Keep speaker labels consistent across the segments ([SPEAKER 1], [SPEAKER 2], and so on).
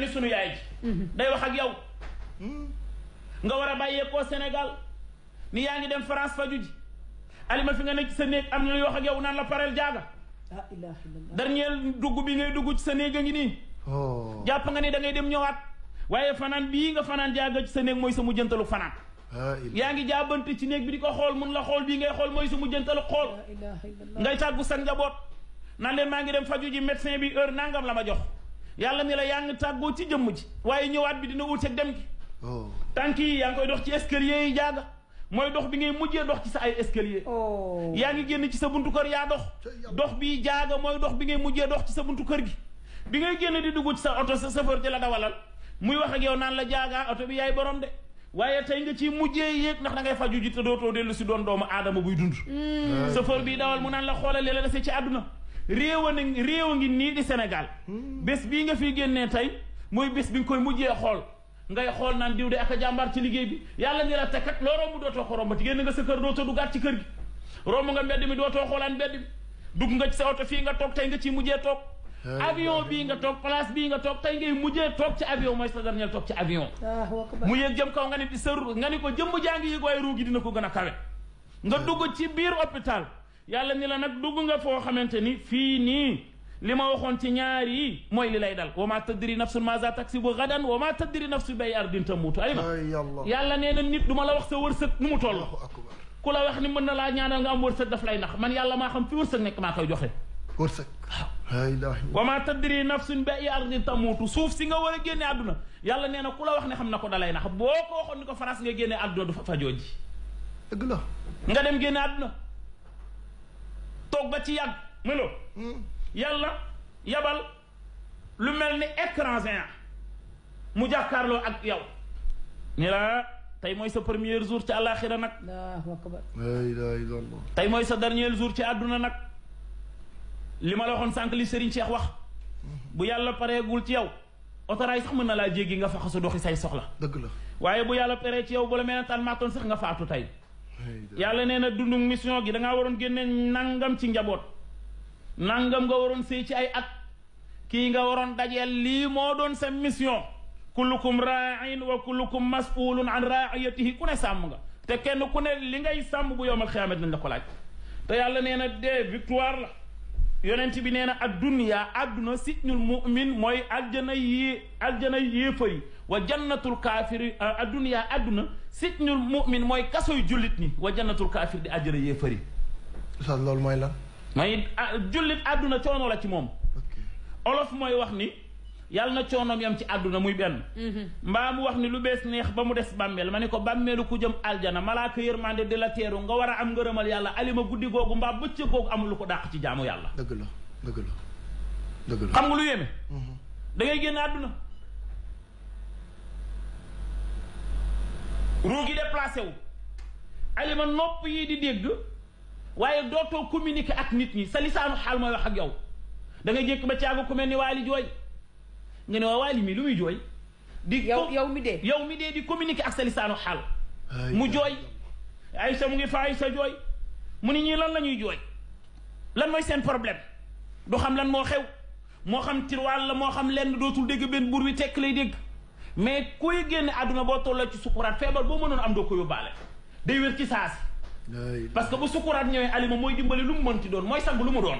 [SPEAKER 1] ni sunu yaay ji mhm. day wax ak yow hmm? nga wara a ko senegal ni yaangi dem france faju ali alima fi nga nek ci sa am ñu wax ak yow naan la parel jaaga dernier dugg bi ngay dugg ci sa néeg ngi ni oh. japp nga ni da ngay dem ñëwaat waye fanaan bi nga fanaan jaaga ci sa néeg mooy sa mujjantalu fanan yaangi jaabant ci néeg bi diko xol mun la xol bi ngay xol moy sa mujjantalu xol ngay taggu sa njabot nan ma ngi dem fa ji medecin bi heure nangam la ma jox yàlla ni la yaa ngi tàggoo ci jëmm ji waaye ñëwaat bi dina wuuteeg dem gi oh. tànk yi yaa ngi koy dox ci escalier yi jaaga mooy dox bi ngay mujjee dox ci sa ay escalier oh. yaa ngi génn ci sa buntu kër yaa dox dox bi jaaga mooy dox bi mujjee dox ci sa buntu kër gi bi ngay génn di dugg ci sa oto sa chauffeur di la dawalal muy wax ak yow naan la jaaga oto bi yaay borom de waaye tey nga ci mujjee yéeg ndax da ngay faju ji te dootoo dellu si doon doomu aadama buy dund hmm. chauffeur bi dawal mu naan la xoolal la dese ci àdduna réew a ngi réew a ngi nii di Sénégal bés bii nga fi génnee tey mooy bés bi nga koy mujjee xool ngay xool naan diw de ak a jàmbaar ci liggéey bi yàlla ni la tekkat loo romb dootoo ko rombati génn nga sa kër dootoo duggaat ci kër gi romb nga mbedd mi dootoo xoolaan mbedd mi dugg nga ci sa oto fii nga toog tey nga ciy mujjee toog avion bii nga toog place bii nga toog tey ngay mujjee toog ci avion mooy sa dernier toog ci avion mu yéeg jëm kaw nga ni di sa nga ni ko jëmm jaa ngi yëg waaye ruu dina ko gën a kawe nga dugg ci biir hôpital yàlla ni la nak dug nga fo xamanteni fi ni lima waxon ci ñaar yi moy li lay dal wa ma tadri nafsun maza taksibu gadan wa ma tadri nafsu bay ardin tamuutu ay ma yàlla neena nit duma la wax sa wërseuk numu toll ku la wax ni mën na la ñaanal nga am wërseuk daf lay nax man yàlla ma xam fi wërseuk nek ma koy joxe wërsëg waaw wa ma tadri nafsu bay ardin tamuutu suuf si nga wara génne aduna yàlla neena na ku la wax ne xam nako dalay nax boko waxon waxoon ni ko France nga génne aduna du fa jooji deug la nga dem génne aduna toog ba ci yàgg melo yàlla yabal lu mel ni écran géant mu jàkkaarloo ak yow ni la tey mooy sa premier jour ci àllaaxira nag allahu akbar la ilaha illallah tey mooy sa dernier jour ci àdduna nag li ma la waxoon sànq li Serigne Cheikh wax bu yàlla pareegul ci yow otoraay sax mën na laa jéggi nga faxasu doxi say soxla dëgg la waaye bu yàlla paree ci yow bu la mel ne tànn maatoon sax nga faatu tey yàlla nee na dundu mission gi da ngaa waroon génne nangam ci njaboot nangam nga waroon sëy ci ay at kii nga waroon dajeel lii moo doon sa mission kullukum raain wa kullukum masulun an raiyatihi ku ne sàmm nga te kenn ku ne li ngay sàmm bu yowmal xiyaamat nañ la ko te yàlla nee na dee victoire la yonent bi nee na ad dunya àdduna sijnul mu'min mooy aljana yi aljana yéefar yi wa jannatul kaafiri euh, adduniyaa adduna sijnul mu'min mooy kasoy jullit ni wa jannatul kaafir di àjjana soo sa loolu mooy lan mooy ah, jullit àdduna coono la ci moom olof mooy wax ni yàlla na coonoom yam ci àdduna muy benn mhm. mbaa mu wax ni lu bees neex ba mu des bàmmeel ma ne ko bàmmeelu ku jëm aljana malaaka yërmande di la teeru nga war a am ngërëmal yàlla alima guddi googu mbaa bëccëg googu amul lu ko dàq ci jaamu yàlla dëgg la dëgg la xam ruu gi déplacé wu alima nopp yi di dégg waaye dootoo communiquer ak nit ñi sa lisaanu xaal mooy wax ak yow da ngay jékk ba caagu ku mel ni waali jooy nga ne waa waali mi lu muy jooy di yow yow mi dee yow mi dee di communiquer ak sa lisaanu xaal mu jooy Aïssa mu ngi fa Aïssa jooy mu ni ñii lan la ñuy jooy lan mooy seen problème du xam lan moo xew moo xam tirwaal la moo xam lenn dootul dégg benn buur wi tekk lay dégg mais kuy génne àdduna boo tolloo ci sukuraat feebar boo mënoon am doo ko yóbbaale day wér ci saasi parce que bu sukuraat ñëwee alima mooy dimbali lu mu mënti doon mooy sang lu mu doon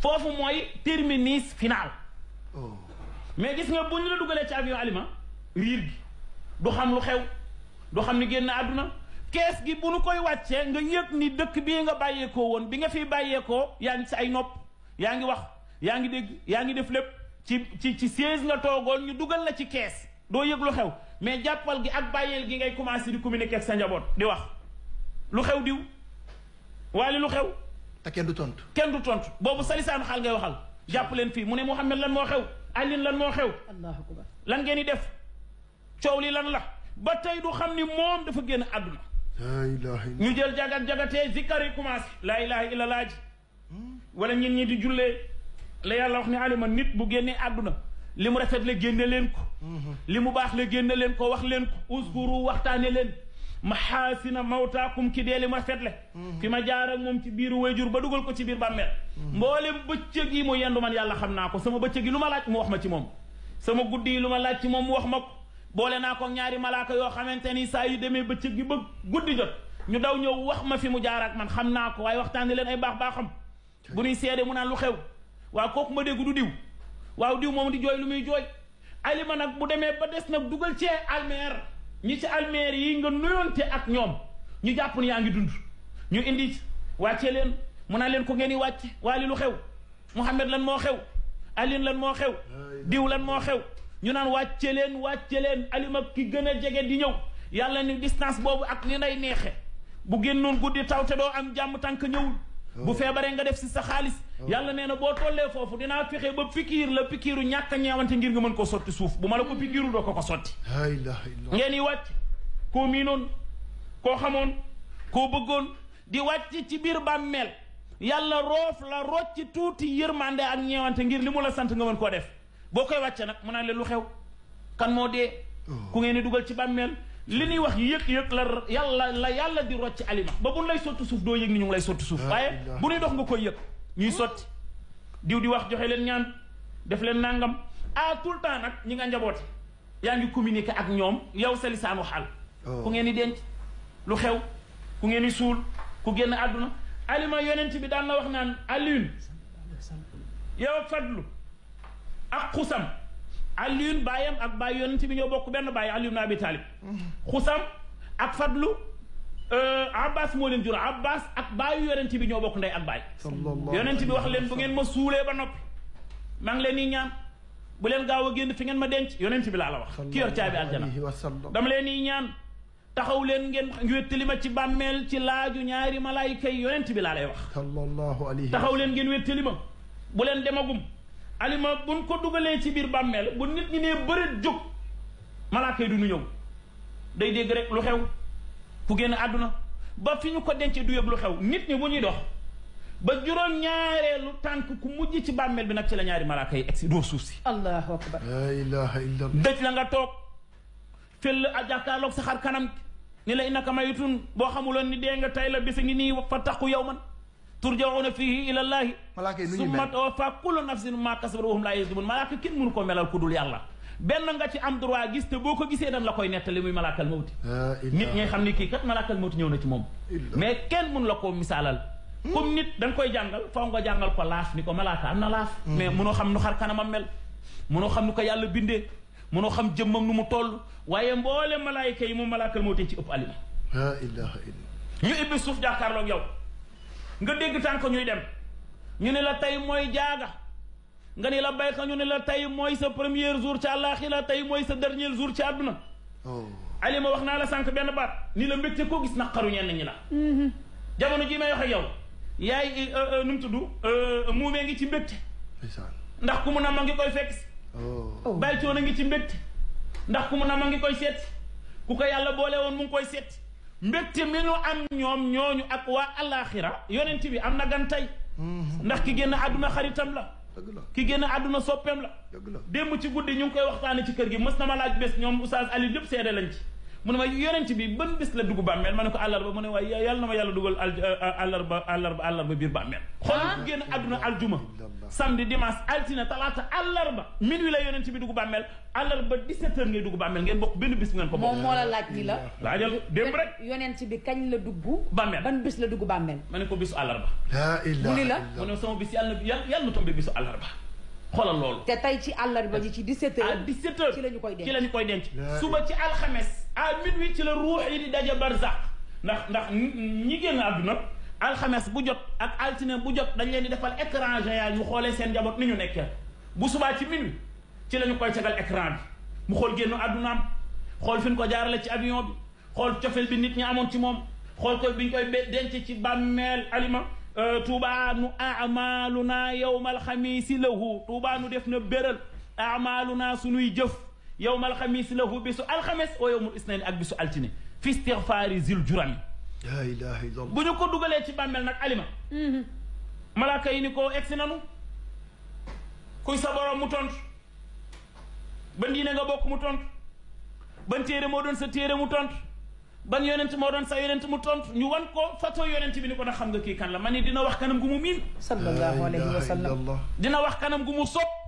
[SPEAKER 1] foofu mooy terminus final oh. mais gis nga bu ñu la dugalee ci avion alima riir bi du xam lu xew du xam ni génn àdduna kees gi bu nu koy wàccee nga yëg ni dëkk bii nga bàyyeekoo woon bi nga fi bàyyeekoo yaa ngi si ay nopp yaa ngi wax yaa ngi dégg yaa ngi def lépp ci ci ci siège nga toogoon ñu dugal la ci kees do yeglu xew mais jàppal gi ak bayel gi ngay commencer di communiquer ak sa njabot di wax lu xew diw wali lu xew. ta ken du tontu. ken du tontu bobu sa xal ngay waxal jàpp leen fii mu ne lan mo xew Alioune lan mo xew. allah akbar lan ngeen di def ciow li lan la ba tay du xamni mom moom dafa génn aduna la ilaha illa ñu jël jagat jagaté zikari yi commencé. laa ilaha illa laj wala ñin ñi di julé la yàlla wax ni aliman nit bu genné aduna li mu rafet la génne leen ko mhm. li mu baax le génne leen ko wax leen ko uskuru waxtaane leen ma maxaasina mawtaakum ki dee li ma rafet le mhm. fi ma jaar ak moom ci biiru wayjur ba dugal ko ci biir bàmmeel mhm. mboolem bëccëg yi mu yendu man yàlla xam naa ko sama bëccëg yi lu ma laaj mu wax ma ci moom sama guddi yi lu ma laaj ci moom mu wax ma ko boole naa ko ñaari malaaka yoo xamante ni saa yu demee ba cëggi ba guddi jot ñu daw ñëw wax ma fi mu jaar man xam naa ko waaye waxtaane leen ay baax baaxam bu ñuy seede mu naan lu xew waa kooku ma dégg du waaw diw moom di jooy lu muy jooy alima nag bu demee ba des nag dugal cee almeer ñi ci almeer yi nga nuyoonte ak ñoom ñu jàpp ne yaa ngi dund ñu indi wàcce leen mu naa leen ko ngeen di wàcce waa li lu xew Mouhamed lan moo xew Aline lan moo xew diw lan moo xew ñu naan wàcce leen wàcce leen alima ki gën a jege di ñëw yàlla ni distance boobu ak ni nday neexe bu gën génnoon guddi taw te doo am jàmm tànk ñëwul bu feebaree nga def si sa xaalis yàlla nee na boo tollee foofu dinaa fexe ba pikiir la pikiiru ñàkk a ngir nga mën ko sotti suuf bu ma la ko pikiirul doo ko ko sotti ngeen yi wàcc koo miinoon koo xamoon ko bëggoon di wàcc ci biir bàmmeel yàlla roof la rocc tuuti yërmande ak ñeewante ngir li mu la sant nga mën koo def boo koy wàcce nag mu naan leen lu xew kan moo dee oh. ku ngeen dugal ci bàmmeel Lini ñuy wax yek yek la yalla la yalla di rocc alima ba bu lay sotu suuf do yek ni ñu lay sotu suuf waye bu ni dox nga koy yek ñuy soti diw di wax joxe len ñaan def len nangam a ah, tout temps nak ñi nga communiquer ak ñom yow sa lisaanu oh. ku ngeen di denc lu xew ku ngeen di sul ku genn aduna alima yonent bi daan na wax naan alune yow fadlu ak xusam Alioune baayam ak baay yonent bi ñoo bokk benn baay Alioune Abi Talib. Xusam ak Fadlu. Euh, Abbas moo leen jur Abbas ak baayu yonent bi ñoo bokk ndey ak baay. yonent bi wax leen bu ngeen ma suulee ba noppi. maa ngi leen di ñaan bu leen gaaw a génn fi ngeen ma denc yonent bi laa la wax. ki yor caabi aljana dama leen di ñaan. taxaw leen ngeen wéttali ma ci bàmmeel ci laaju ñaari malaayika yi yonent bi laa lay wax. taxaw leen ngeen wéttali ma bu leen demagum. alima buñ ko dugalee ci biir bàmmeel bu nit ñi nee bëreet jóg malaaka yi du ñu ñëw day dégg rek lu xew ku génn àdduna ba fi ñu ko dencee du yëg lu xew nit ñi bu ñuy dox ba juróom ñaareelu tànk ku mujj ci bàmmeel bi nag ci la ñaari malaaka yi doo suuf si allahu akbar la ilaha illa dëj la nga toog fëll a jàkkaarloog sa xar kanam ni la innaka mayitun boo xamuloon ni dee nga tay la bisa ngi nii fa taqu yow man turjauna fihi ila llahi malaaka yi nu ñuy mel summa tuwaffa kullu nafsin ma kasabat wa hum laa yuzlamun malaaka kenn mënu ko melal ku dul yàlla benn nga ci am droit gis te boo ko gisee dan la koy nettali muy malaakal mawti nit ñi xam ni kii kat malaakal mawti ñëw na ci moom mais kenn mënu la koo misaalal comme nit da nga koy jàngal faw nga jàngal ko laaf ni ko malaaka am na laaf mais mënoo xam nu xar kanamam mel mënoo xam nu ko yàlla bindee mënoo xam jëmmam nu mu toll waaye mboole malaayika yi mu malaakal mawti ci ëpp alima la ilaha illa ñu ibbi suuf jàkkaarloog yow nga dégg tànk ñuy dem ñu ne la tey mooy jaaga nga ni la béykat ñu ne la tey mooy sa premier jour ci àllaaxira tey mooy sa dernier jour ci àdduna oh. alima wax naa la sànq benn baat ni la mbégte koo gis naqaru ñenn ñi la mm-hmm. jamono ji may wax ak yow yaay euh, euh, nu mu tudd euh, muumee ngi ci mbégte ndax ku mu na ma ngi koy fekk si oh. bàyyi coon a ngi ci mbégte ndax ku mu na ma ngi koy seet ku ko yàlla boole woon mu ngi koy seet mbégte mi nu am ñoom ñooñu ak waa alaxira yonent bi am na gan tey mhm. ndax ki génn àdduna xaritam la ki génn àdduna soppeem la démb ci guddi ñu ngi koy waxtaane ci kër gi mës na ma laaj bés ñoom oustaz Ali lépp seede lañ ci mune ma yonent bi ban bis la dugg bàmmeel ma ne mune wa mu ne waaye yàlla na ma yàlla dugal euh, euh, àllarba àllarba àllarba bir bammel ah. xol bu génn àdduna aljuma samedi dimanche altine talaata àllarba minuit la yonent bi dugg bàmmeel àllarba 17 h ngay dugg bammel ngeen bok ben bis ngeen ko bokk moom moo la laaj ni la laajal dem rek yonent bi kagn la dugg bammel ban bis la dugg bammel ma ne ko bisu àllarba mu ni la mune sama bis yalla yalla tombe bisu àllarba xolal lol te tay ci àllarba ji ci 17 heures 17 heures ci la ñu koy denc suba ci alxames من وقت الروح يدي دجا برزق نخ نخ نيجي نعبنا الخمس بوجت أكالتين بوجت دنيا ندفل إكران جاي نخول سين جابت نيو نكيا بوسوا تيمين تلا نقول تقال إكران مخول جينو أدنا خول فين قدار توبا نو أعمالنا يوم الخميس توبا نو دفن برل أعمالنا سنو yowmal xamis lahu bisu alxames wa yowmul isnayn ak bisu altine fi istigfaari zil jurami la ilaha illallah bu ñu ko dugalee ci bàmmeel nag alima malaaka yi ni ko egsi nanu kuy sa borom mu tontu ban diine nga bokk mu tontu ban téere moo doon sa téere mu tontu ban yonent moo doon sa yonent mu tontu ñu wan ko fato yonent bi ni ko na xam nga kii kan la ma ni dina wax kanam gu mu miin sallallahu alayhi wa sallam dina wax kanam gu mu sopp